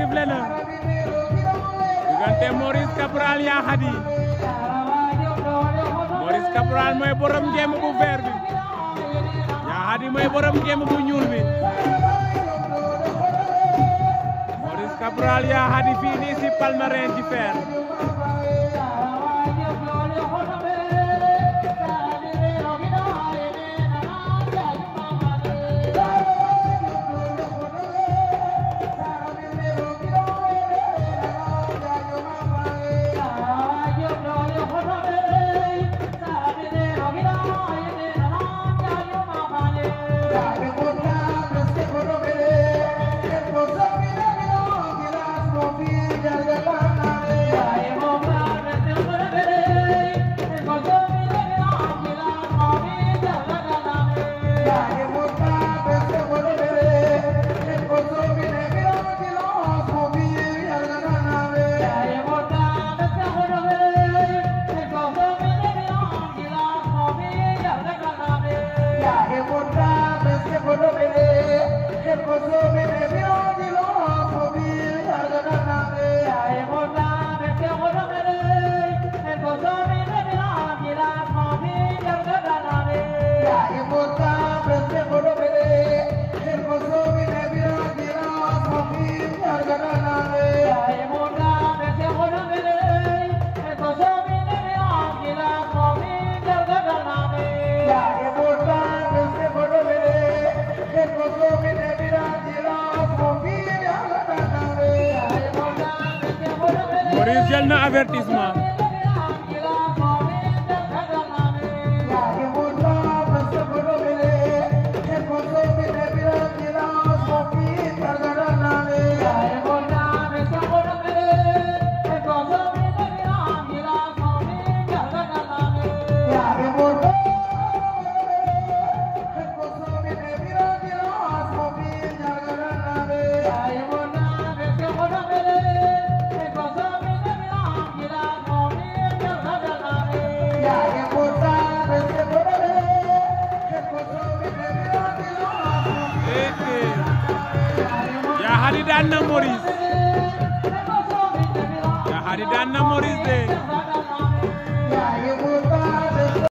sifflé na diggante Yaa Khady Maurice Cabral mooy borom ngeem bu vert bi Yaa mooy borom ngeem bu ñuul bi Maurice Cabral Yaa Khady fii nii si Palmarin Hello, Maurice jël na avertissement Yahari daan na Maurice Yahari daan na Maurice de